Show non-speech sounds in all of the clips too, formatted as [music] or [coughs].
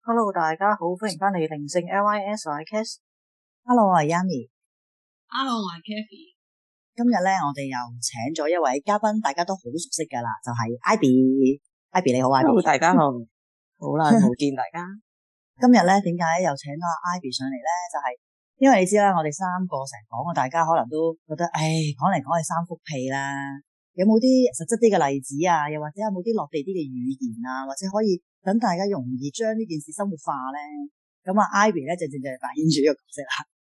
Hello，大家好，歡迎翻嚟靈性 LYS cast Hello，我係 Yami。Hello，我係 Kathy。今日咧，我哋又請咗一位嘉賓，大家都好熟悉噶啦，就係、是、Ivy。Ivy 你好，Ivy 大家 [laughs] 好，好啦，好見大家。 [laughs] 今日咧，點解又請阿 Ivy 上嚟咧？就係、是、因為你知啦，我哋三個成日講啊，大家可能都覺得，誒、哎，講嚟講去三幅屁啦。有冇啲實質啲嘅例子啊？又或者有冇啲落地啲嘅語言啊？或者可以？等大家容易將呢件事生活化咧，咁啊，Ivy 咧就正正係扮演住呢個角色啦。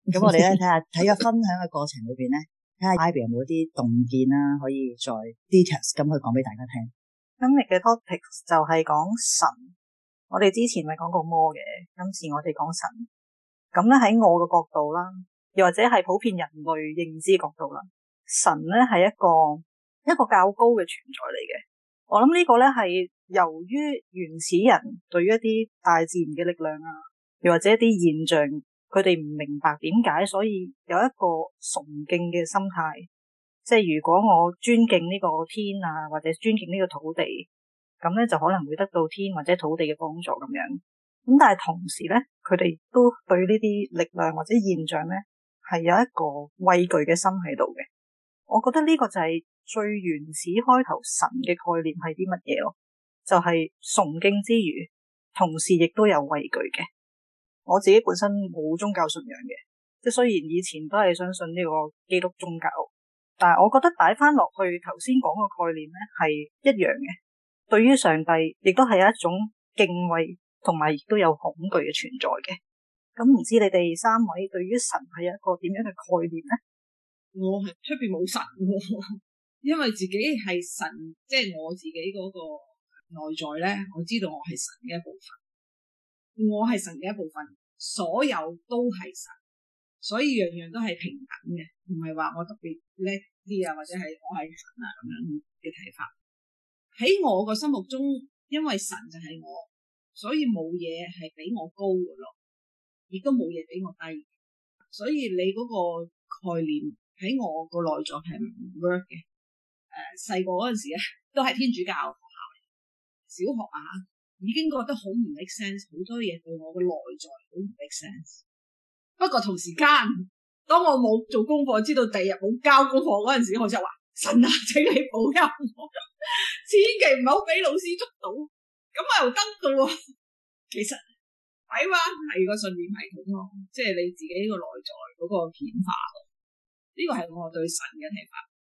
咁我哋咧睇下睇個分享嘅過程裏邊咧，睇下 Ivy 有冇啲洞見啦，可以再 details 咁去講俾大家聽。今日嘅 topic 就係講神，我哋之前咪講過魔嘅，今次我哋講神。咁咧喺我嘅角度啦，又或者係普遍人類認知角度啦，神咧係一個一個較高嘅存在嚟嘅。我諗呢個咧係。由於原始人對於一啲大自然嘅力量啊，又或者一啲現象，佢哋唔明白點解，所以有一個崇敬嘅心態，即係如果我尊敬呢個天啊，或者尊敬呢個土地，咁咧就可能會得到天或者土地嘅幫助咁樣。咁但係同時咧，佢哋都對呢啲力量或者現象咧，係有一個畏懼嘅心喺度嘅。我覺得呢個就係最原始開頭神嘅概念係啲乜嘢咯。就係崇敬之餘，同時亦都有畏懼嘅。我自己本身冇宗教信仰嘅，即雖然以前都係相信呢個基督宗教，但係我覺得擺翻落去頭先講嘅概念咧，係一樣嘅。對於上帝，亦都係一種敬畏同埋亦都有恐懼嘅存在嘅。咁唔知你哋三位對於神係一個點樣嘅概念呢？我係出邊冇神，因為自己係神，即係我自己嗰個。內在咧，我知道我係神嘅一部分，我係神嘅一部分，所有都係神，所以樣樣都係平等嘅，唔係話我特別叻啲啊，或者係我係神啊咁樣嘅睇法。喺我個心目中，因為神就係我，所以冇嘢係比我高嘅咯，亦都冇嘢比我低。所以你嗰個概念喺我個內在係唔 work 嘅。誒、呃，細個嗰陣時咧，都係天主教。小學啊，已經覺得好唔 make sense，好多嘢對我嘅內在好唔 make sense。不過同時間，當我冇做功課，知道第二日冇交功課嗰陣時，我就話神啊，請你保佑我，千祈唔好俾老師捉到。咁我又得噶喎。其實係嘛，係個信念系統，即係、就是、你自己個內在嗰個變化咯。呢、這個係我對神嘅睇法。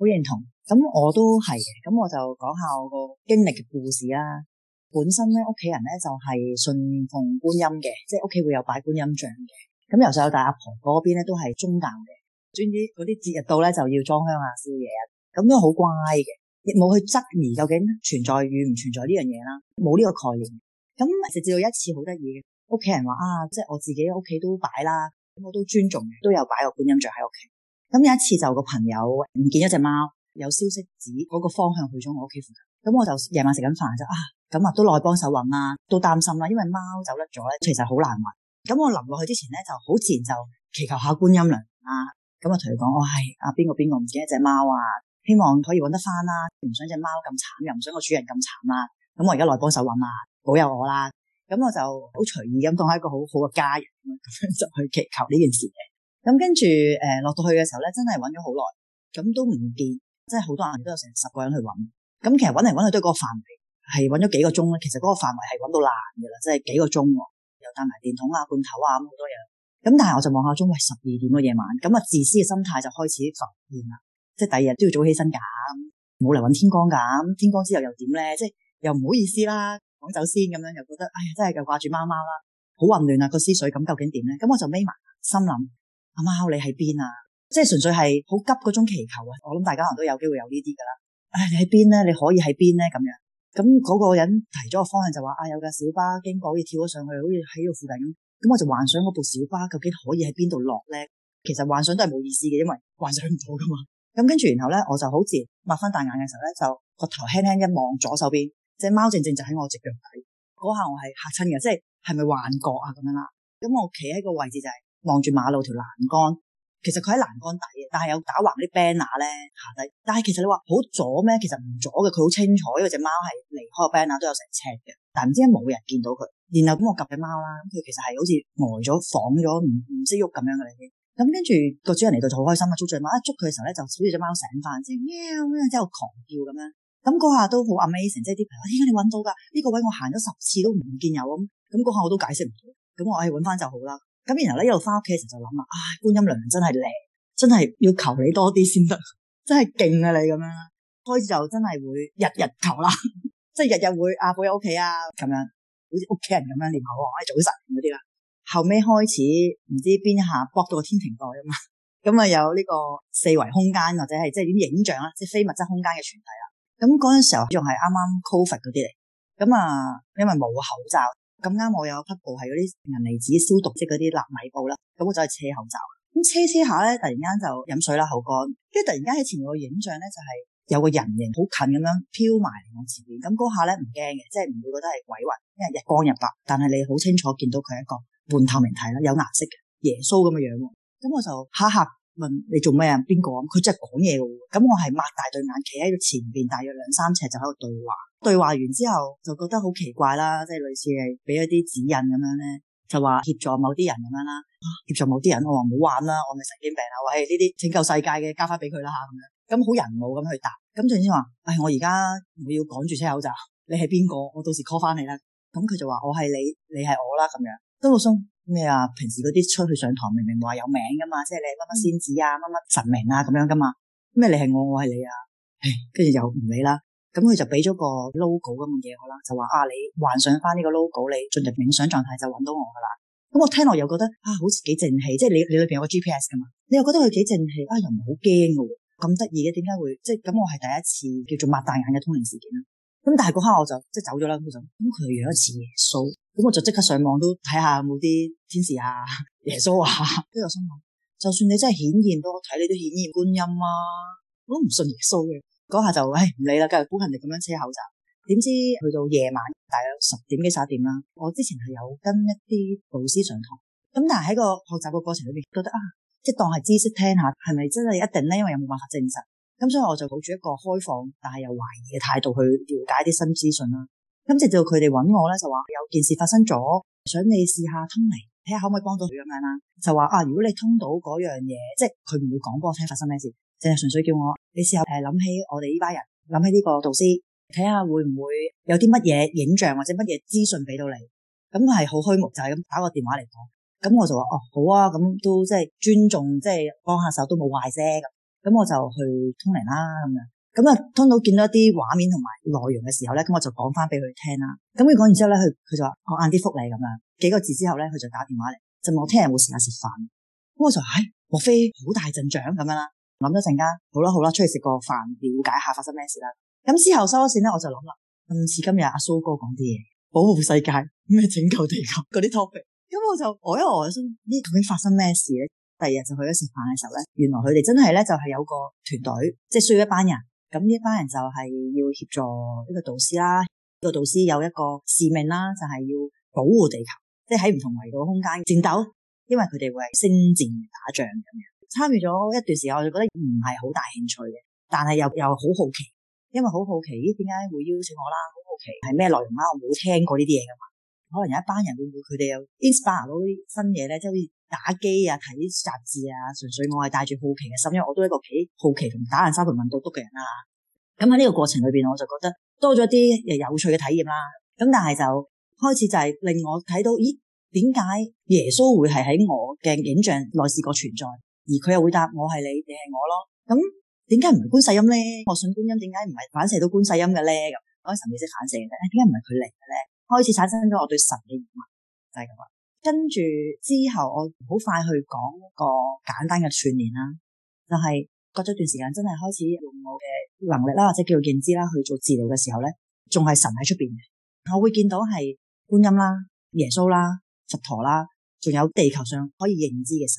好認同，咁我都係，咁我就講下我個經歷嘅故事啦。本身咧，屋企人咧，就係信奉觀音嘅，即係屋企會有擺觀音像嘅。咁由細到大，阿婆嗰邊咧都係宗教嘅，總之嗰啲節日到咧就要裝香啊、燒嘢啊，咁都好乖嘅，亦冇去質疑究竟存在與唔存在呢樣嘢啦，冇呢個概念。咁直至到一次好得意嘅，屋企人話啊，即係我自己屋企都擺啦，我都尊重，都有擺個觀音像喺屋企。咁有一次就一個朋友唔見咗隻貓，有消息指嗰個方向去咗我屋企附近，咁我就夜晚食緊飯就啊，咁啊都落去幫手搵啦，都擔心啦，因為貓走甩咗咧，其實好難搵。咁我臨落去之前咧，就好自然就祈求下觀音啦，啊，咁、哎、啊同佢講我係啊邊個邊個唔見一隻貓啊，希望可以搵得翻啦，啊，唔想隻貓咁慘，又唔想個主人咁慘啦，咁我而家落幫手搵啦，保佑我啦。咁我就好隨意咁當係一個好好嘅家人咁樣就去祈求呢件事。咁跟住，誒落到去嘅時候咧，真係揾咗好耐，咁都唔見，即係好多人都有成十個人去揾，咁其實揾嚟揾去都係嗰個範圍，係揾咗幾個鐘咧，其實嗰個範圍係揾到爛噶啦，即係幾個鐘，又帶埋電筒啊、罐頭啊咁好多嘢，咁但係我就望下鐘，喂，十二點嘅夜晚，咁啊自私嘅心態就開始浮現啦，即係第二日都要早起身噶，冇嚟揾天光噶，天光之後又點咧？即係又唔好意思啦，講走先咁樣，又覺得哎呀真係就掛住媽媽啦，好混亂啊、個思緒，咁究竟點咧？咁我就眯埋心諗。阿貓、啊、你喺邊啊？即係純粹係好急嗰種祈求啊！我諗大家可能都有機會有呢啲噶啦。唉、哎，你喺邊咧？你可以喺邊咧？咁樣咁嗰個人提咗個方向就話啊，有架小巴經過，好似跳咗上去，好似喺呢度附近咁。咁我就幻想嗰部小巴究竟可以喺邊度落咧？其實幻想都係冇意思嘅，因為幻想唔到噶嘛。咁跟住然後咧，我就好似擘翻大眼嘅時候咧，就個頭輕輕一望左手邊，隻貓正正就喺我隻腳底。嗰下我係吓親嘅，即係係咪幻覺啊？咁樣啦。咁我企喺個位置就係、是。望住馬路條欄杆，其實佢喺欄杆底啊，但係有打橫啲 banner 咧，行底。但係其實你話好阻咩？其實唔阻嘅，佢好清楚因為隻貓係離開 banner 都有成尺嘅，但唔知冇人見到佢。然後咁我夾隻貓啦，佢其實係好似呆咗、晃咗、唔唔識喐咁樣嘅你已經。咁跟住個主人嚟到就好開心啊，捉住隻貓一捉佢嘅時候咧，就少隻貓醒翻，即係喵，之後狂叫咁樣。咁嗰下都好 amazing，即係啲朋友：，點解你搵到噶？呢個位我行咗十次都唔見有咁。咁嗰下我都解釋唔到，咁我係搵翻就好啦。咁然後咧一路翻屋企嘅時候就諗啦，唉、哎，觀音娘娘真係靚，真係要求你多啲先得，真係勁啊你咁樣啦，開始就真係會日日求啦， [laughs] 即係日日會啊，婆喺屋企啊咁樣，好似屋企人咁樣念口啊早晨嗰啲啦。後尾開始唔知邊一下博到個天庭袋啊嘛，咁 [laughs] 啊、嗯、有呢個四維空間或者係即係啲影像啦，即係非物質空間嘅傳遞啦。咁嗰陣時候仲係啱啱 Covid 嗰啲嚟，咁、嗯、啊、嗯、因為冇口罩。咁啱我有一匹布係嗰啲銀離子消毒，即嗰啲納米布啦，咁我就去車口罩，咁車車下咧，突然間就飲水啦，口乾，跟住突然間喺前面個影像咧就係、是、有個人形好近咁樣飄埋嚟我前面。咁嗰下咧唔驚嘅，即係唔會覺得係鬼魂，因為日光日白，但係你好清楚見到佢係一個半透明體啦，有顏色嘅耶穌咁嘅樣，咁我就下吓。問你做咩啊？邊個咁？佢真係講嘢喎。咁我係擘大對眼企喺佢前邊，大約兩三尺就喺度對話。對話完之後就覺得好奇怪啦，即係類似係俾一啲指引咁樣咧，就話協助某啲人咁樣啦。啊，協助某啲人，我話唔好玩啦，我咪神經病啊！我係呢啲拯救世界嘅，交翻俾佢啦吓咁樣。咁好人冇咁去答。咁最先話，唉、哎，我而家我要趕住車口罩。你係邊個？我到時 call 翻你啦。咁佢就話我係你，你係我啦咁樣都冇鬆。咩啊？平時嗰啲出去上堂，明明話有名噶嘛，即係你乜乜仙子啊、乜乜神明啊咁樣噶嘛。咩你係我，我係你啊？唉，跟住又唔理啦。咁佢就俾咗個 logo 咁嘅嘢我啦，就話啊，你幻想翻呢個 logo，你進入冥想狀態就搵到我噶啦。咁我聽落又覺得啊，好似幾正氣，即係你你裏邊有個 GPS 噶嘛，你又覺得佢幾正氣啊，又唔係好驚嘅，咁得意嘅，點解會即係咁？我係第一次叫做擘大眼嘅通靈事件啊！咁但係嗰刻我就即係走咗啦，咁就咁佢又講一次耶穌，咁我就即刻上網都睇下有冇啲天使啊耶穌啊，都有心諗，就算你真係顯現到，我睇你都顯現觀音啊，我都唔信耶穌嘅。嗰下就唉唔理啦，今日估人哋咁樣車口罩。點知去到夜晚大約十點幾十一點啦，我之前係有跟一啲老師上堂，咁但係喺個學習嘅過程裏邊覺得啊，即係當係知識聽下係咪真係一定咧？因為又冇辦法證實。咁、嗯、所以我就抱住一個開放但係又懷疑嘅態度去了解啲新資訊啦。咁、嗯、直到佢哋揾我咧，就話有件事發生咗，想你試下通嚟，睇下可唔可以幫到佢咁樣啦。就話啊，如果你通到嗰樣嘢，即係佢唔會講俾我聽發生咩事，淨係純粹叫我你試下誒諗起我哋呢班人，諗起呢個導師，睇下會唔會有啲乜嘢影像或者乜嘢資訊俾到你。咁係好虛無，就係、是、咁打個電話嚟講。咁、嗯、我就話哦，好啊，咁都即係尊重，即係幫下手都冇壞啫咁。咁我就去通靈啦，咁樣，咁啊通到見到啲畫面同埋內容嘅時候咧，咁我就講翻俾佢聽啦。咁佢講完之後咧，佢佢就話我晏啲覆你咁樣，幾個字之後咧，佢就打電話嚟，就問我聽日有冇時間食飯。咁我就話唉，莫非好大陣仗咁樣啦？諗咗陣間，好啦好啦，出去食個飯，了解下發生咩事啦。咁之後收咗綫咧，我就諗啦，類似今日阿蘇哥講啲嘢，保護世界咩拯救地球嗰啲 topic，咁我就我、呃、一我、呃、心，咦，究竟發生咩事咧？第二日就去咗食飯嘅時候咧，原來佢哋真係咧就係有個團隊，即係需要一班人。咁呢一班人就係要協助一個導師啦，呢、這個導師有一個使命啦，就係、是、要保護地球，即係喺唔同維度空間戰鬥，因為佢哋會係星戰打仗咁樣。參與咗一段時間我就覺得唔係好大興趣嘅，但係又又好好奇，因為好好奇點解會邀請我啦，好好奇係咩內容啦、啊，我冇聽過呢啲嘢噶嘛。可能有一班人會唔、就是、會佢哋有 inspire 到啲新嘢咧，即係。打機啊，睇雜誌啊，純粹我係帶住好奇嘅心，因為我都係一個幾好奇同打爛沙盤問到篤嘅人啦、啊。咁喺呢個過程裏邊，我就覺得多咗啲有趣嘅體驗啦。咁但係就開始就係令我睇到，咦？點解耶穌會係喺我嘅影像內視過存在？而佢又會答我係你定係我咯？咁點解唔係觀世音咧？我信觀音，點解唔係反射到觀世音嘅咧？咁，神意識反射嘅咧？點解唔係佢嚟嘅咧？開始產生咗我對神嘅疑問，就係、是、咁。跟住之後，我好快去講一個簡單嘅串聯啦，就係過咗段時間，真係開始用我嘅能力啦，或者叫認知啦，去做治療嘅時候咧，仲係神喺出邊嘅，我會見到係觀音啦、耶穌啦、佛陀啦，仲有地球上可以認知嘅神，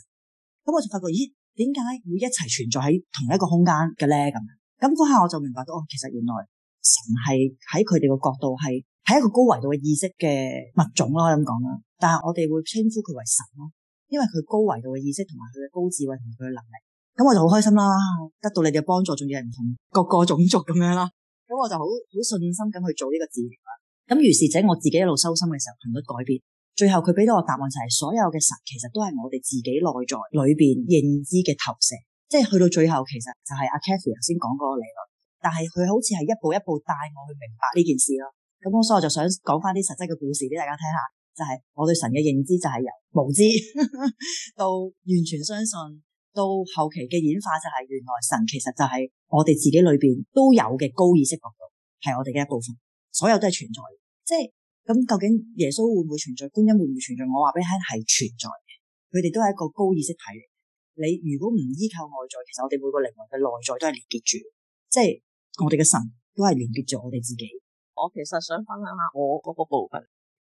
咁我就發覺，咦，點解會一齊存在喺同一個空間嘅咧？咁，咁嗰下我就明白到，哦，其實原來神係喺佢哋嘅角度係。係一個高維度嘅意識嘅物種咯，可以咁講啦。但係我哋會稱呼佢為神咯，因為佢高維度嘅意識同埋佢嘅高智慧同埋佢嘅能力。咁我就好開心啦，得到你哋嘅幫助，仲要係唔同各個種族咁樣啦。咁我就好好信心咁去做呢個治療啦。咁如是者，我自己一路修心嘅時候，頻率改變，最後佢俾到我答案就係、是，所有嘅神其實都係我哋自己內在裏邊認知嘅投射，即係去到最後其實就係阿 Kathy 頭先講嗰個理論。但係佢好似係一步一步帶我去明白呢件事咯。咁所以我就想講翻啲實質嘅故事俾大家聽下，就係我對神嘅認知就係由無知 [laughs] 到完全相信，到後期嘅演化就係原來神其實就係我哋自己裏邊都有嘅高意識角度，係我哋嘅一部分，所有都係存在。即係咁究竟耶穌會唔會存在，觀音會唔會存在？我話俾你聽係存在嘅，佢哋都係一個高意識體嚟。你如果唔依靠外在，其實我哋每個靈魂嘅內在都係連結住，即係我哋嘅神都係連結住我哋自己。我其實想分享下我嗰個部分，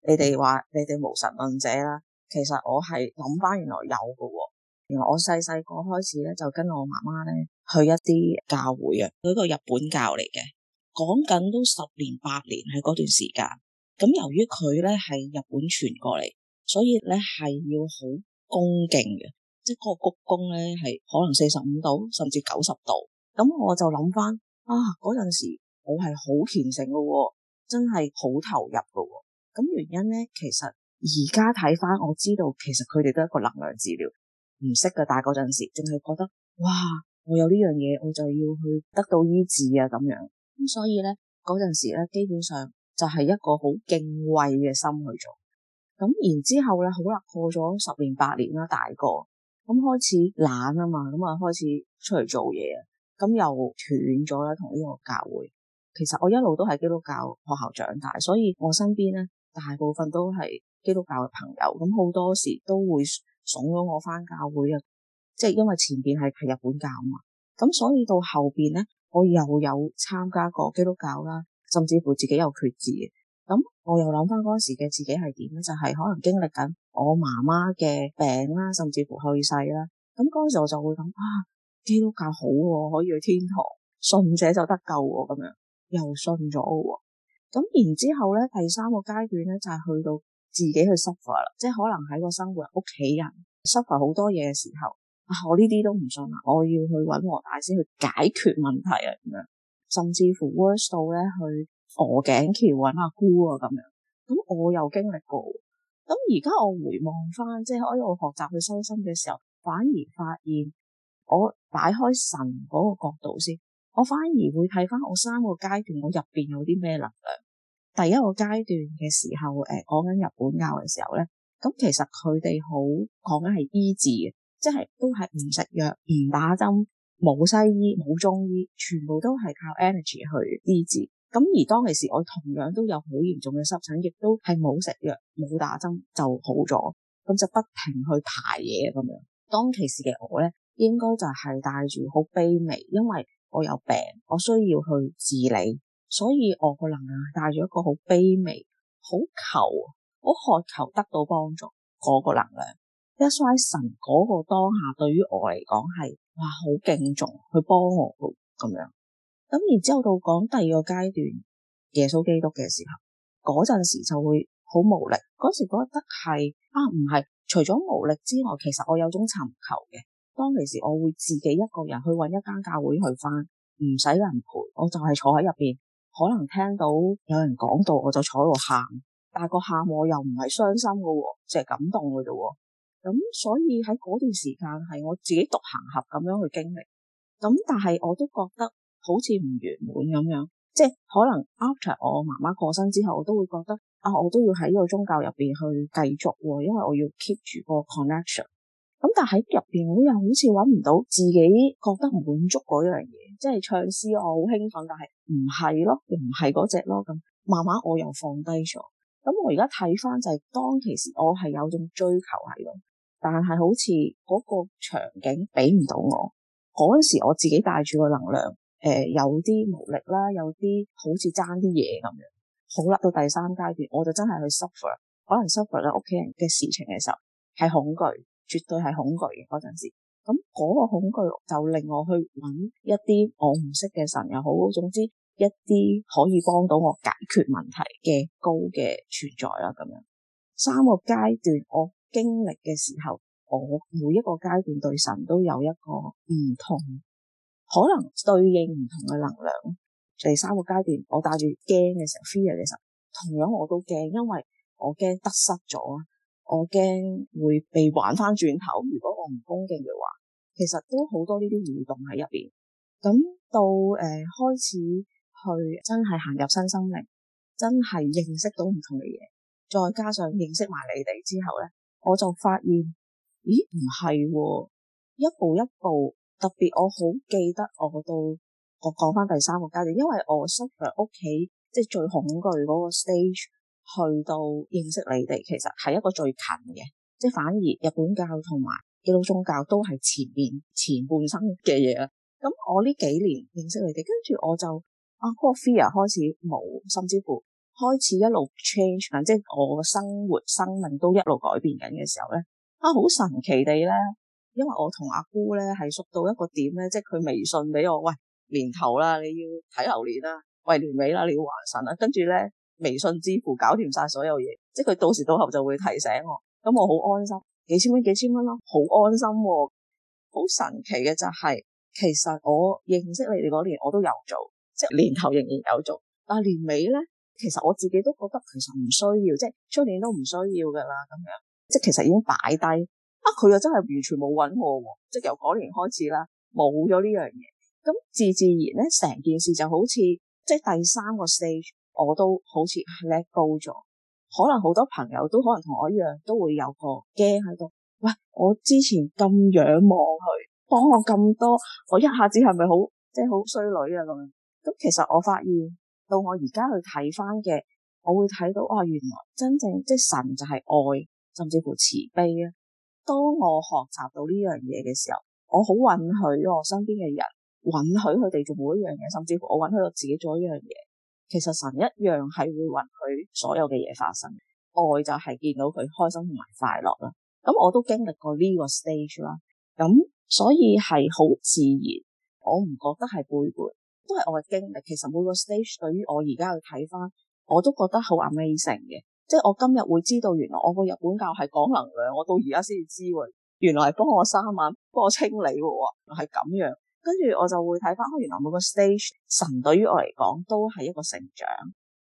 你哋話你哋無神論者啦，其實我係諗翻原來有嘅喎。原來我細細個開始咧，就跟我媽媽咧去一啲教會啊，佢個 [noise] 日本教嚟嘅，講緊都十年八年喺嗰段時間。咁由於佢咧係日本傳過嚟，所以咧係要好恭敬嘅，即係嗰個鞠躬咧係可能四十五度甚至九十度。咁我就諗翻啊，嗰陣時。我係好虔誠噶哦，真係好投入噶哦。咁原因呢，其實而家睇翻，我知道其實佢哋都係一個能量治療唔識噶，但係嗰陣時淨係覺得哇，我有呢樣嘢，我就要去得到醫治啊咁樣。咁所以呢，嗰陣時呢，基本上就係一個好敬畏嘅心去做。咁然之後呢，好啦，過咗十年八年啦，大個咁開始懶啊嘛，咁啊開始出嚟做嘢，咁又斷咗啦，同呢個教會。其實我一路都係基督教學校長大，所以我身邊咧大部分都係基督教嘅朋友，咁好多時都會慫咗我翻教會啊，即係因為前邊係係日本教啊嘛，咁所以到後邊咧，我又有參加過基督教啦，甚至乎自己又決志，咁我又諗翻嗰時嘅自己係點咧，就係可能經歷緊我媽媽嘅病啦，甚至乎去世啦，咁嗰時我就會諗啊，基督教好喎，可以去天堂，信者就得救喎，咁樣。又信咗喎，咁然之後咧，第三個階段咧就係、是、去到自己去 suffer 啦，即係可能喺個生活、屋企人 suffer 好多嘢嘅時候，我呢啲都唔信啦，我要去揾王大師去解決問題啊咁樣，甚至乎 worse 到咧去鵝頸橋揾阿姑啊咁樣，咁我又經歷過，咁而家我回望翻，即係我學習去修心嘅時候，反而發現我擺開神嗰個角度先。我反而會睇翻我三個階段，我入邊有啲咩能量。第一個階段嘅時候，誒、呃，講緊日本教嘅時候咧，咁其實佢哋好講緊係醫治嘅，即係都係唔食藥、唔打針、冇西醫、冇中醫，全部都係靠 energy 去醫治。咁而當其時我同樣都有好嚴重嘅濕疹，亦都係冇食藥、冇打針就好咗，咁就不停去排嘢咁樣。當其時嘅我咧，應該就係帶住好卑微，因為。我有病，我需要去治理，所以我個能量帶住一個好卑微、好求、好渴求得到幫助嗰個能量。耶穌係神嗰個當下，對於我嚟講係哇好敬重，去幫我咁樣。咁然之後到講第二個階段耶穌基督嘅時候，嗰陣時就會好無力。嗰時覺得係啊，唔係除咗無力之外，其實我有種尋求嘅。當其時我會自己一個人去搵一間教會去翻，唔使人陪，我就係坐喺入邊，可能聽到有人講到我就坐喺度喊，但係個喊我又唔係傷心噶喎，淨係感動噶啫喎。咁所以喺嗰段時間係我自己獨行俠咁樣去經歷，咁但係我都覺得好似唔圓滿咁樣，即係可能 after 我媽媽過身之後，我都會覺得啊，我都要喺呢個宗教入邊去繼續，因為我要 keep 住個 connection。咁但喺入邊我又好似揾唔到自己覺得滿足嗰樣嘢，即係唱詩我好興奮，但係唔係咯，唔係嗰隻咯咁，慢慢我又放低咗。咁我而家睇返就係當其時我係有種追求喺度，但係好似嗰個場景俾唔到我嗰陣時，我自己帶住個能量，誒、呃、有啲無力啦，有啲好似爭啲嘢咁樣。好啦，到第三階段我就真係去 suffer，可能 suffer 咗屋企人嘅事情嘅時候係恐懼。絕對係恐懼嘅嗰陣時，咁、那、嗰個恐懼就令我去揾一啲我唔識嘅神又好，總之一啲可以幫到我解決問題嘅高嘅存在啦。咁樣三個階段我經歷嘅時候，我每一個階段對神都有一個唔同，可能對應唔同嘅能量。第三個階段我帶住驚嘅時候 f e a r 嘅候， [coughs] 同樣我都驚，因為我驚得失咗啊。我驚會被玩翻轉頭，如果我唔恭敬嘅話，其實都好多呢啲互動喺入邊。咁到誒、呃、開始去真係行入新生命，真係認識到唔同嘅嘢，再加上認識埋你哋之後咧，我就發現咦唔係，一步一步特別我好記得我到我講翻第三個階段，因為我縮喺屋企即係最恐懼嗰個 stage。去到認識你哋，其實係一個最近嘅，即係反而日本教同埋基督宗教都係前面前半生嘅嘢啦。咁我呢幾年認識你哋，跟住我就啊嗰個 fear 開始冇，甚至乎開始一路 change 緊，即係我嘅生活生命都一路改變緊嘅時候咧，啊好神奇地咧，因為我同阿姑咧係熟到一個點咧，即係佢微信俾我，喂，年頭啦，你要睇流年啦，喂，年尾啦，你要還神啦，跟住咧。微信支付搞掂晒所有嘢，即係佢到時到候就會提醒我，咁我好安心，幾千蚊幾千蚊啦，好安心、啊，好神奇嘅就係、是，其實我認識你哋嗰年我都有做，即係年頭仍然有做，但係年尾咧，其實我自己都覺得其實唔需要，即係出年都唔需要噶啦，咁樣，即係其實已經擺低，啊佢又真係完全冇揾我，即係由嗰年開始啦，冇咗呢樣嘢，咁自自然咧成件事就好似即係第三個 stage。我都好似叻高咗，可能好多朋友都可能同我一樣，都會有個驚喺度。喂，我之前咁仰望佢，幫我咁多，我一下子係咪好即係好衰女啊咁樣，咁其實我發現到我而家去睇翻嘅，我會睇到啊、哎，原來真正即係神就係愛，甚至乎慈悲啊！當我學習到呢樣嘢嘅時候，我好允許我身邊嘅人，允許佢哋做每一樣嘢，甚至乎我允許我自己做一樣嘢。其實神一樣係會允許所有嘅嘢發生，愛就係見到佢開心同埋快樂啦。咁我都經歷過呢個 stage 啦，咁所以係好自然，我唔覺得係背叛，都係我嘅經歷。其實每個 stage 對於我而家去睇翻，我都覺得好 amazing 嘅，即係我今日會知道，原來我個日本教係講能量，我到而家先至知，原來係幫我三萬，幫我清理嘅，係咁樣。跟住我就會睇翻，哦，原來每個 stage 神對於我嚟講都係一個成長。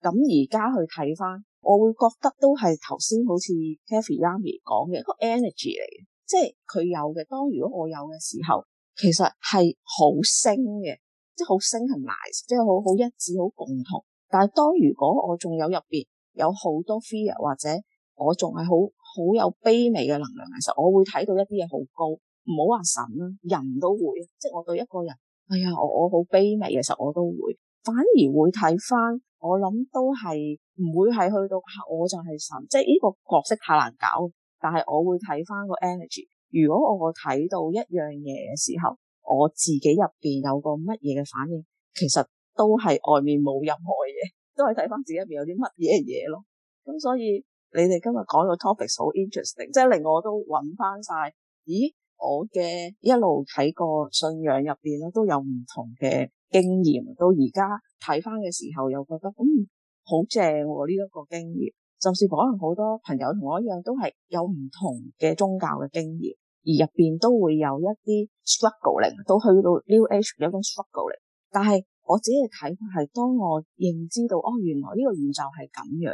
咁而家去睇翻，我會覺得都係頭先好似 Kathy Amy 講嘅一個 energy 嚟嘅，即係佢有嘅。當如果我有嘅時候，其實係好升嘅，即係好升，係 nice，即係好好一致、好共同。但係當如果我仲有入邊有好多 fear，或者我仲係好好有卑微嘅能量嘅時候，我會睇到一啲嘢好高。唔好話神啦，人都會，即係我對一個人，哎呀，我我好卑微嘅時候，我都會，反而會睇翻，我諗都係唔會係去到，我就係神，即係呢個角色太難搞。但係我會睇翻個 energy，如果我睇到一樣嘢嘅時候，我自己入邊有個乜嘢嘅反應，其實都係外面冇任何嘢，都係睇翻自己入邊有啲乜嘢嘢咯。咁所以你哋今日講個 topic 好 interesting，即係令我都揾翻晒，咦？我嘅一路睇個信仰入邊咧，都有唔同嘅經驗。到而家睇翻嘅時候，又覺得嗯，好正呢一個經驗。甚至可能好多朋友同我一樣，都係有唔同嘅宗教嘅經驗，而入邊都會有一啲 struggling，到去到 new age 有一種 struggling。但係我自己嘅睇法係，當我認知到哦，原來呢個宇宙係咁樣，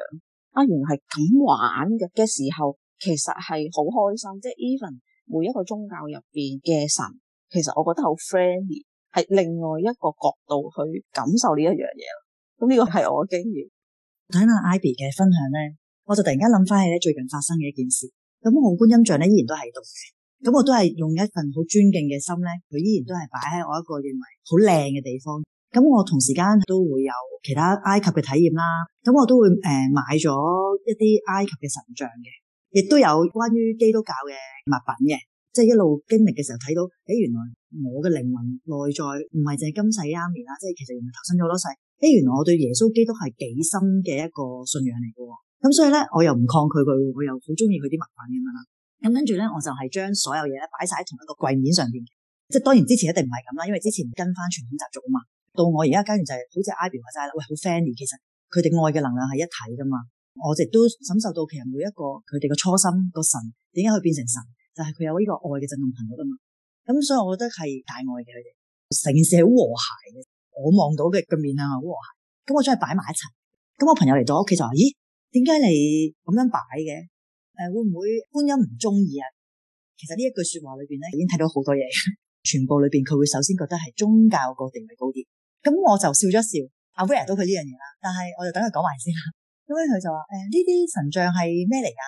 啊，原來係咁玩嘅嘅時候，其實係好開心，即係 even。每一個宗教入邊嘅神，其實我覺得好 friendly，係另外一個角度去感受呢一樣嘢啦。咁、這、呢個係我經驗，睇下 Ivy 嘅分享呢，我就突然間諗翻起咧最近發生嘅一件事。咁我觀音像咧依,依然都喺度，咁我都係用一份好尊敬嘅心呢，佢依然都係擺喺我一個認為好靚嘅地方。咁我同時間都會有其他埃及嘅體驗啦，咁我都會誒、呃、買咗一啲埃及嘅神像嘅。亦都有關於基督教嘅物品嘅，即係一路經歷嘅時候睇到，誒，原來我嘅靈魂內在唔係淨係今世啊面啊，即係其實原來投身咗好多世，誒，原來我對耶穌基督係幾深嘅一個信仰嚟嘅。咁所以咧我又唔抗拒佢，我又好中意佢啲物品咁樣啦，咁跟住咧我就係將所有嘢咧擺晒喺同一個櫃面上邊嘅，即係當然之前一定唔係咁啦，因為之前跟翻傳統習俗啊嘛，到我而家階段就係好似 Ivy 話齋啦，喂，好 fanny，其實佢哋愛嘅能量係一體噶嘛。我亦都感受到其實每一個佢哋嘅初心、個神點解去變成神，就係、是、佢有呢個愛嘅震動頻率噶嘛。咁所以我覺得係大愛嘅佢哋，成件事係好和諧嘅。我望到嘅個面向係好和諧。咁我將佢擺埋一齊。咁我朋友嚟到屋企就話：咦，點解你咁樣擺嘅？誒、啊，會唔會觀音唔中意啊？其實呢一句說話裏邊咧，已經睇到好多嘢。 [laughs] 全部裏邊佢會首先覺得係宗教個地位高啲。咁我就笑咗笑，阿 w a 都佢呢樣嘢啦。但係我就等佢講埋先啦。咁咧佢就話，誒，呢啲神像係咩嚟啊？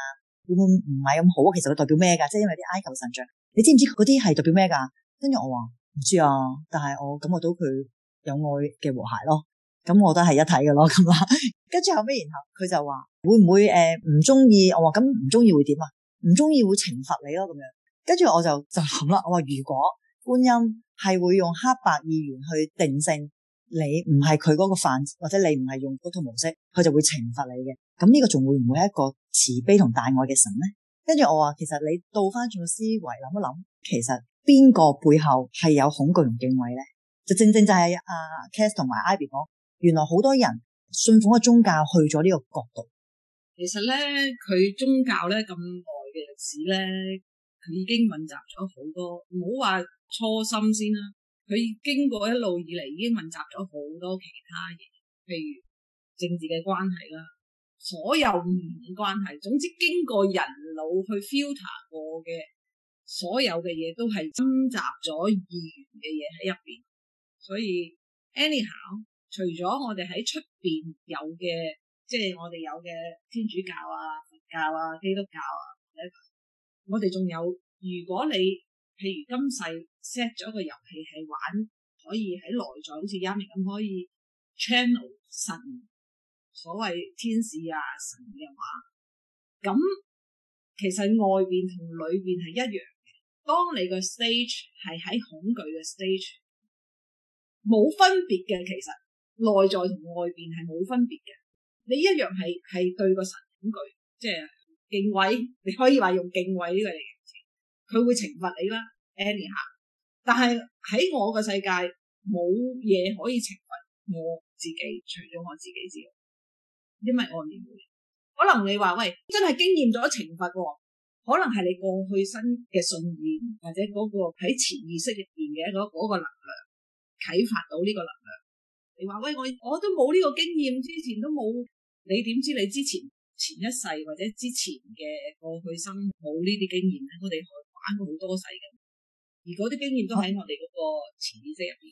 會唔會唔係咁好啊？其實佢代表咩噶即係因為啲埃及神像你知唔知嗰啲係代表咩噶？跟住我話唔知啊，但係我感覺到佢有愛嘅和諧咯，咁我都得係一體噶咯咁啊。跟住後尾，然後佢就話會唔會誒唔中意？我話咁唔中意會點啊？唔中意會懲罰你咯咁樣。跟住我就就諗啦，我話如果觀音係會用黑白二元去定性，你唔係佢嗰個範，或者你唔係用嗰套模式，佢就會懲罰你嘅。咁呢個仲會唔會係一個慈悲同大愛嘅神呢？跟住我話，其實你倒翻轉個思維諗一諗，其實邊個背後係有恐懼同敬畏呢？就正正就係阿 Kes 同埋 Ivy 講，原來好多人信奉嘅宗教去咗呢個角度。其實咧，佢宗教咧咁耐嘅歷史咧，佢已經混雜咗好多，唔好話初心先啦。佢經過一路以嚟已經混雜咗好多其他嘢，譬如政治嘅關係啦，所有議員嘅關係，總之經過人腦去 filter 過嘅所有嘅嘢都係侵雜咗議員嘅嘢喺入邊，所以 anyhow 除咗我哋喺出邊有嘅，即係我哋有嘅天主教啊、佛教啊、基督教啊，我哋仲有，如果你譬如今世，set 咗個遊戲係玩，可以喺內在好似阿明咁可以 channel 神，所謂天使啊神嘅話，咁其實外邊同裏邊係一樣嘅。當你個 stage 係喺恐懼嘅 stage，冇分別嘅。其實內在同外邊係冇分別嘅，你一樣係係對個神恐懼，即係敬畏。你可以話用敬畏呢個嚟形容，佢會懲罰你啦，anyhow。但係喺我嘅世界冇嘢可以懲罰我自己，除咗我自己之外，因為我唔會。可能你話喂，真係經驗咗懲罰喎，可能係你過去生嘅信念，或者嗰個喺潛意識入邊嘅嗰個能量啟發到呢個能量。你話喂，我我都冇呢個經驗，之前都冇，你點知你之前前一世或者之前嘅過去生冇呢啲經驗咧？我哋玩過好多世嘅。如果啲經驗都喺我哋嗰個潛意識入邊。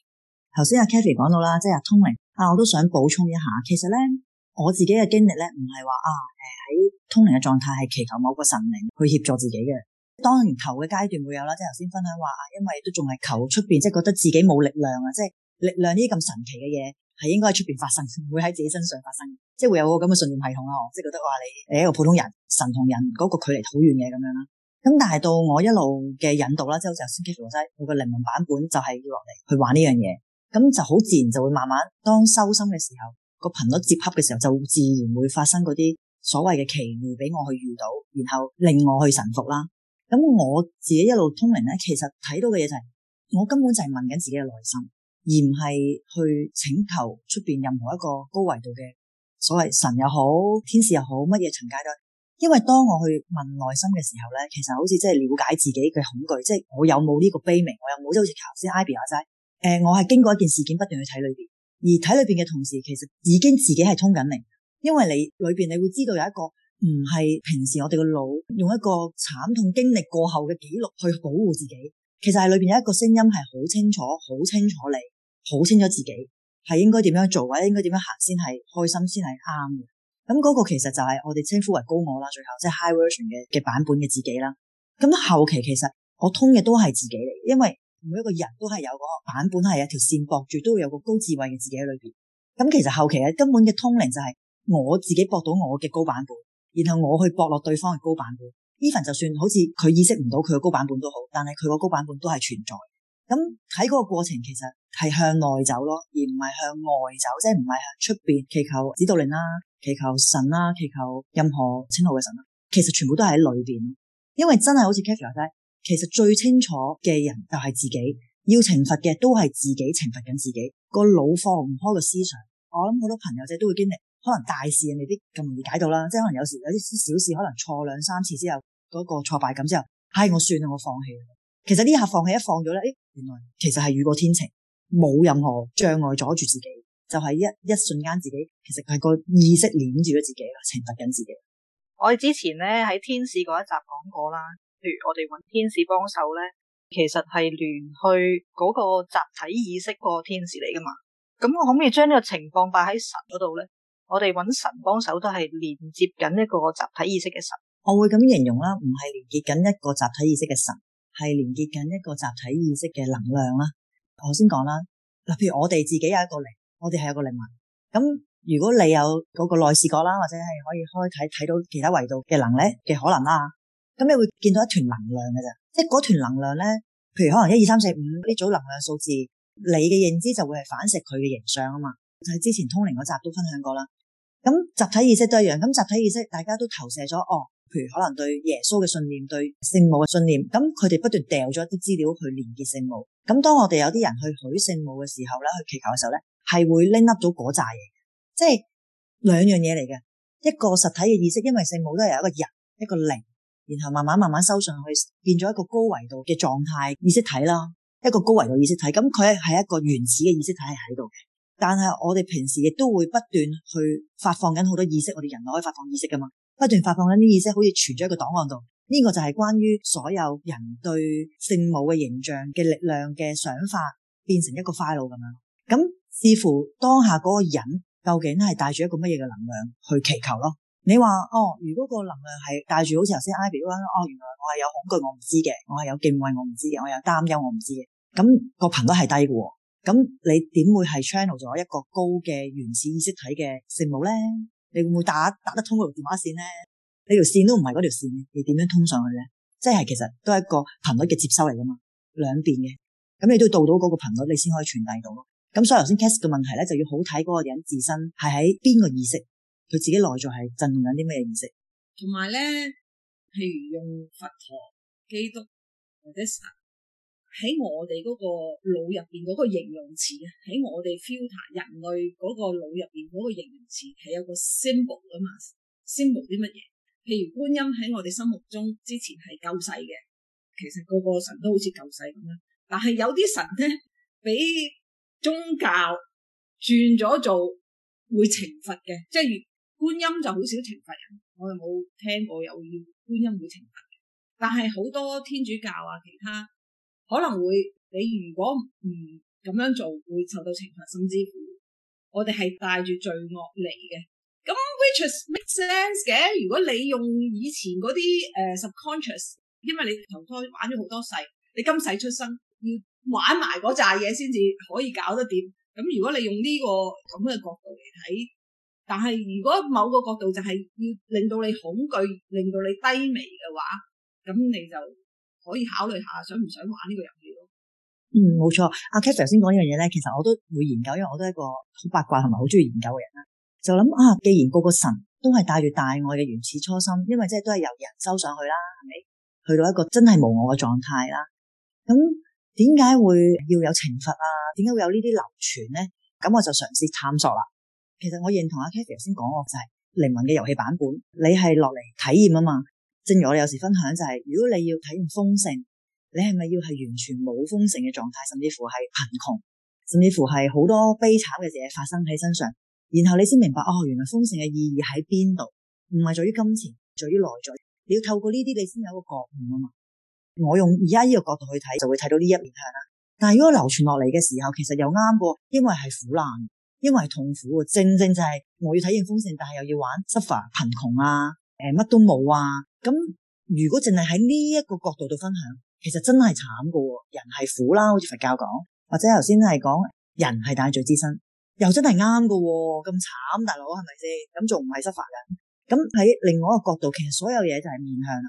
頭先阿 Kathy 講到啦，即阿通靈啊，我都想補充一下。其實咧，我自己嘅經歷咧，唔係話啊誒喺通靈嘅狀態係祈求某個神靈去協助自己嘅。當然，求嘅階段會有啦，即係頭先分享話啊，因為都仲係求出邊，即係覺得自己冇力量啊，即係力量呢啲咁神奇嘅嘢係應該喺出邊發生，唔會喺自己身上發生。即係會有個咁嘅信念系統啦，即係覺得我話、啊、你誒一個普通人，神同人嗰個距離好遠嘅咁樣啦。咁但係到我一路嘅引導啦，即係好似阿孫基同我嘅靈魂版本就係要落嚟去玩呢樣嘢，咁就好自然就會慢慢，當收心嘅時候，個頻率接洽嘅時候，就會自然會發生嗰啲所謂嘅奇遇俾我去遇到，然後令我去臣服啦。咁我自己一路通靈咧，其實睇到嘅嘢就係、是、我根本就係問緊自己嘅內心，而唔係去請求出邊任何一個高維度嘅所謂神又好，天使又好，乜嘢層級都。因為當我去問內心嘅時候咧，其實好似真係了解自己嘅恐懼，即係我有冇呢個悲鳴，我又冇即好似頭先我話齋，誒、就是呃，我係經過一件事件不斷去睇裏邊，而睇裏邊嘅同時，其實已經自己係通緊靈，因為你裏邊你會知道有一個唔係平時我哋個腦用一個慘痛經歷過後嘅記錄去保護自己，其實係裏邊有一個聲音係好清楚、好清楚你、好清楚自己係應該點樣做或者應該點樣行先係開心先係啱嘅。咁嗰個其實就係我哋稱呼為高我啦，最後即係 high version 嘅嘅版本嘅自己啦。咁後期其實我通嘅都係自己嚟，因為每一個人都係有個版本係一條線駁住，都會有個高智慧嘅自己喺裏邊。咁其實後期嘅根本嘅通靈就係我自己駁到我嘅高版本，然後我去駁落對方嘅高版本。Even 就算好似佢意識唔到佢嘅高版本都好，但係佢個高版本都係存在。咁喺嗰個過程其實，係向內走咯，而唔係向外走，即係唔係出邊祈求指導令啦，祈求神啦，祈求任何稱號嘅神啦。其實全部都係喺裏邊，因為真係好似 Kathy 話齋，其實最清楚嘅人就係自己，要懲罰嘅都係自己懲罰緊自己個腦放唔開嘅思想。我諗好多朋友仔都會經歷，可能大事未必咁容易解到啦，即係可能有時有啲小事，可能錯兩三次之後，嗰個挫敗感之後，唉、哎，我算啦，我放棄啦。其實呢下放棄一放咗咧，誒、哎，原來其實係雨過天晴。冇任何障礙阻住自己，就係、一一瞬間自己其實係個意識黏住咗自己啦，懲罰緊自己。我哋之前咧喺天使嗰一集講過啦，譬如我哋揾天使幫手咧，其實係聯去嗰個集體意識個天使嚟噶嘛。咁我可唔可以將呢個情況擺喺神嗰度咧？我哋揾神幫手都係連接緊一個集體意識嘅神。我會咁形容啦，唔係連接緊一個集體意識嘅神，係連接緊一個集體意識嘅能量啦。我先講啦，嗱，譬如我哋自己有一個靈，我哋係有一個靈魂。咁如果你有嗰個內視角啦，或者係可以開啟睇到其他維度嘅能力嘅可能啦，咁你會見到一團能量嘅咋，即係嗰團能量咧，譬如可能一二三四五呢組能量數字，你嘅認知就會係反射佢嘅形象啊嘛。就係之前通靈嗰集都分享過啦。咁集體意識都係一樣，咁集體意識大家都投射咗哦。譬如可能對耶穌嘅信念，對聖母嘅信念，咁佢哋不斷掉咗一啲資料去連結聖母。咁當我哋有啲人去許聖母嘅時候咧，去祈求嘅時候咧，係會拎粒到嗰扎嘢，即係兩樣嘢嚟嘅。一個實體嘅意識，因為聖母都係有一個人，一個靈，然後慢慢慢慢收上去，變咗一個高維度嘅狀態意識體啦，一個高維度意識體。咁佢係一個原始嘅意識體係喺度嘅，但係我哋平時亦都會不斷去發放緊好多意識，我哋人類可以發放意識噶嘛。不斷發放緊啲意識，好似存咗一個檔案度。呢個就係關於所有人對聖母嘅形象嘅力量嘅想法，變成一個 file 咁樣。咁視乎當下嗰個人究竟係帶住一個乜嘢嘅能量去祈求咯。你話哦，如果個能量係帶住好似頭先 Ivy 嗰陣，B、1, 哦，原來我係有恐懼，我唔知嘅；我係有敬畏，我唔知嘅；我有擔憂，我唔知嘅。咁個頻率係低嘅，咁你點會係 channel 咗一個高嘅原始意識體嘅聖母呢？你會唔會打打得通嗰條電話線咧？你條線都唔係嗰條線嘅，你點樣通上去咧？即係其實都係一個頻率嘅接收嚟噶嘛，兩邊嘅，咁你都要到到嗰個頻率，你先可以傳遞到咯。咁所以頭先 cast 嘅問題咧，就要好睇嗰個人自身係喺邊個意識，佢自己內在係震動緊啲咩意識。同埋咧，譬如用佛陀、基督或者神。喺我哋嗰個腦入邊嗰個形容詞，喺我哋 filter 人類嗰個腦入邊嗰個形容詞係有個 symbol 㗎嘛，symbol 啲乜嘢？譬如觀音喺我哋心目中之前係救世嘅，其實個個神都好似救世咁樣。但係有啲神咧，俾宗教轉咗做會懲罰嘅，即係觀音就好少懲罰人，我又冇聽過有要觀音會懲罰嘅。但係好多天主教啊，其他。可能會你如果唔咁樣做，會受到懲罰，甚至乎我哋係帶住罪惡嚟嘅。咁 which is make sense 嘅？如果你用以前嗰啲誒 subconscious，因為你投胎玩咗好多世，你今世出生要玩埋嗰啲嘢先至可以搞得掂。咁如果你用呢、這個咁嘅角度嚟睇，但係如果某個角度就係要令到你恐懼、令到你低微嘅話，咁你就。可以考慮下，想唔想玩呢個遊戲咯？嗯，冇錯。阿 Kathy 頭先講呢樣嘢咧，其實我都會研究，因為我都係一個好八卦同埋好中意研究嘅人啦。就諗啊，既然個個神都係帶住大愛嘅原始初心，因為即係都係由人修上去啦，係咪？去到一個真係無我嘅狀態啦。咁點解會要有懲罰啊？點解會有呢啲流傳咧？咁我就嘗試探索啦。其實我認同阿 Kathy 頭先講嘅就係、是、靈魂嘅遊戲版本，你係落嚟體驗啊嘛。正如我有時分享，就是，就係如果你要體驗豐盛，你係咪要係完全冇豐盛嘅狀態，甚至乎係貧窮，甚至乎係好多悲慘嘅嘢發生喺身上，然後你先明白哦，原來豐盛嘅意義喺邊度？唔係在於金錢，在於內在。你要透過呢啲，你先有個覺悟啊嘛。我用而家呢個角度去睇，就會睇到呢一面啦。但係如果流傳落嚟嘅時候，其實又啱過，因為係苦難，因為係痛苦。正正就係我要體驗豐盛，但係又要玩 suffer 貧窮啊，誒、呃、乜都冇啊。咁如果淨係喺呢一個角度度分享，其實真係慘噶，人係苦啦，好似佛教講，或者頭先係講人係大罪之身，又真係啱噶，咁慘，大佬係咪先？咁仲唔係失法噶？咁喺另外一個角度，其實所有嘢就係面向啦。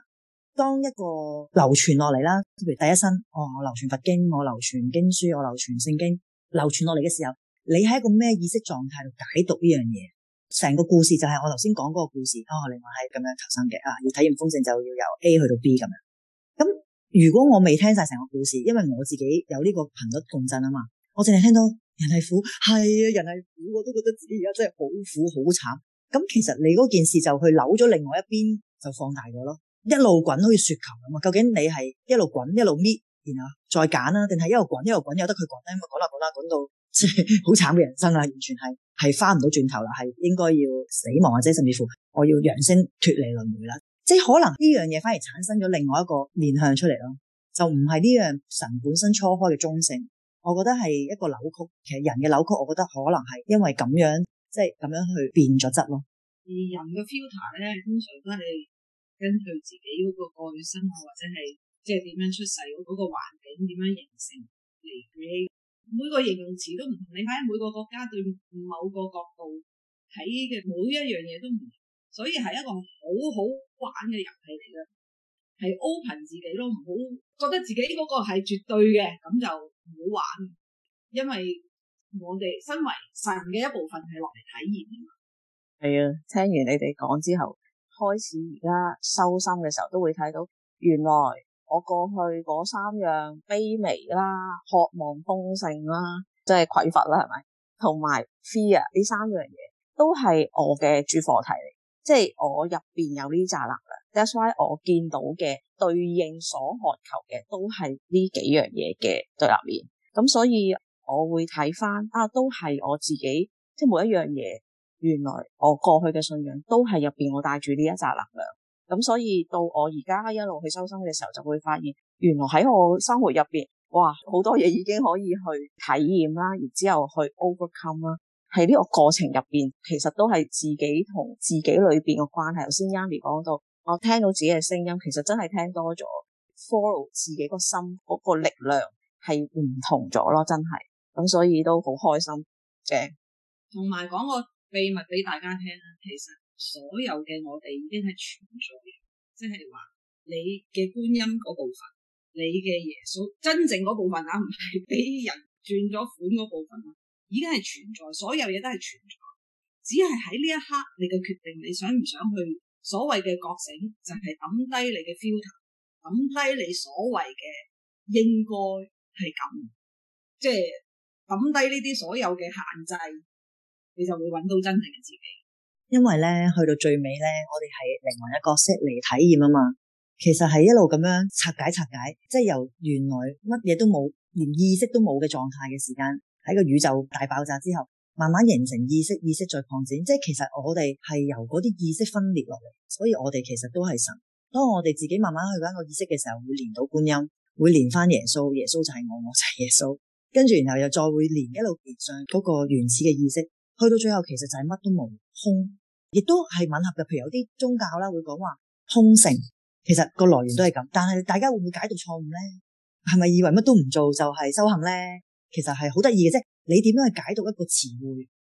當一個流傳落嚟啦，譬如第一身，哦，我流傳佛經，我流傳經書，我流傳聖經，流傳落嚟嘅時候，你喺一個咩意識狀態度解讀呢樣嘢？成個故事就係我頭先講嗰個故事，啊、哦，另外係咁樣求生嘅，啊，要體驗豐盛就要由 A 去到 B 咁樣。咁、嗯、如果我未聽晒成個故事，因為我自己有呢個頻率共振啊嘛，我淨係聽到人係苦，係、哎、啊，人係苦，我都覺得自己而家真係好苦好慘。咁、嗯嗯、其實你嗰件事就去扭咗另外一邊，就放大咗咯，一路滾好似雪球咁啊。究竟你係一路滾一路搣，然後再揀啦，定係一路滾一路滾，有得佢滾得，因為滾啦滾啦滾到。滾即係好慘嘅人生啦，完全係係翻唔到轉頭啦，係應該要死亡，或者甚至乎我要揚升脫離輪回啦，即係可能呢樣嘢反而產生咗另外一個面向出嚟咯，就唔係呢樣神本身初開嘅中性，我覺得係一個扭曲，其實人嘅扭曲，我覺得可能係因為咁樣即係咁樣去變咗質咯。而人嘅 filter 咧，通常都係根據自己嗰個過去生啊，或者係即係點樣出世嗰，那個環境，點樣形成嚟每個形容詞都唔同，你睇每個國家對某個角度睇嘅每一樣嘢都唔同，所以係一個好好玩嘅遊戲嚟嘅，係 open 自己咯，唔好覺得自己嗰個係絕對嘅，咁就唔好玩。因為我哋身為神嘅一部分，係落嚟體驗啊嘛。係啊，聽完你哋講之後，開始而家收心嘅時候都會睇到，原來。我過去嗰三樣卑微啦、渴望豐盛啦，即係匱乏啦，係咪？同埋 fear 呢三樣嘢都係我嘅主課題嚟，即係我入邊有呢紮能量。That's why 我見到嘅對應所渴求嘅都係呢幾樣嘢嘅對立面。咁所以我會睇返啊，都係我自己，即係每一樣嘢，原來我過去嘅信仰都係入邊我帶住呢一紮能量。咁所以到我而家一路去修心嘅時候，就會發現原來喺我生活入邊，哇，好多嘢已經可以去體驗啦，然之後去 overcome 啦。喺呢個過程入邊，其實都係自己同自己裏邊嘅關係。頭先 Yami 講到，我聽到自己嘅聲音，其實真係聽多咗，follow 自己個心嗰個力量係唔同咗咯，真係。咁所以都好開心，正。同埋講個秘密俾大家聽啦，其實。所有嘅我哋已經係存在嘅，即係話你嘅觀音嗰部分，你嘅耶穌真正嗰部分啊，唔係俾人轉咗款嗰部分啊，已經係存在，所有嘢都係存在，只係喺呢一刻你嘅決定，你想唔想去？所謂嘅覺醒就係抌低你嘅 filter，抌低你所謂嘅應該係咁，即係抌低呢啲所有嘅限制，你就會搵到真正嘅自己。因為咧，去到最尾咧，我哋係靈魂嘅角色嚟體驗啊嘛，其實係一路咁樣拆解拆解，即係由原來乜嘢都冇，連意識都冇嘅狀態嘅時間，喺個宇宙大爆炸之後，慢慢形成意識，意識再擴展，即係其實我哋係由嗰啲意識分裂落嚟，所以我哋其實都係神。當我哋自己慢慢去揾個意識嘅時候，會連到觀音，會連翻耶穌，耶穌就係我，我就係耶穌，跟住然後又再會連一路連上嗰個原始嘅意識。去到最後其實就係乜都冇空，亦都係吻合嘅。譬如有啲宗教啦會講話空性，其實個來源都係咁。但係大家會唔會解讀錯誤呢？係咪以為乜都唔做就係修行呢？其實係好得意嘅啫。你點樣去解讀一個詞彙？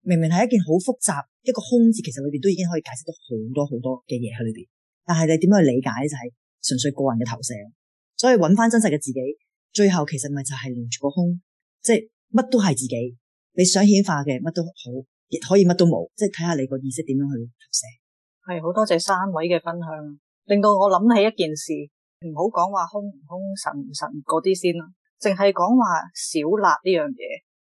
明明係一件好複雜一個空字，其實裏邊都已經可以解釋到好多好多嘅嘢喺裏邊。但係你點樣去理解就係、是、純粹個人嘅投射。所以揾翻真實嘅自己，最後其實咪就係連住個空，即係乜都係自己。你想顯化嘅乜都好。亦可以乜都冇，即係睇下你個意識點樣去寫。係好多謝三位嘅分享，令到我諗起一件事，唔好講話空唔空神唔神嗰啲先咯，淨係講話少辣呢樣嘢。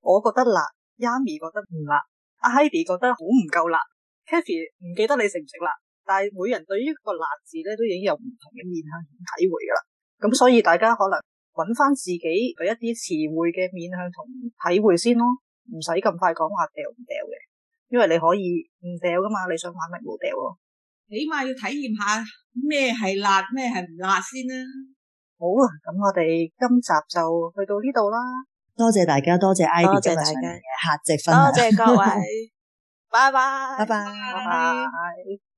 我覺得辣，Yami 覺得唔辣 [music] 阿 Heidi 覺得好唔夠辣 [music] ，Kavy 唔記得你食唔食辣，但係每人對於一個辣字咧，都已經有唔同嘅面向同體會噶啦。咁所以大家可能揾翻自己有一啲詞彙嘅面向同體會先咯。唔使咁快講話掉唔掉嘅，因為你可以唔掉噶嘛，你想玩乜冇掉咯。起碼要體驗下咩係辣，咩係唔辣先啦。好啊，咁我哋今集就去到呢度啦。多謝大家，多謝 Ivy 多謝大家嘅客席分享，多謝各位，拜拜，拜拜，拜拜。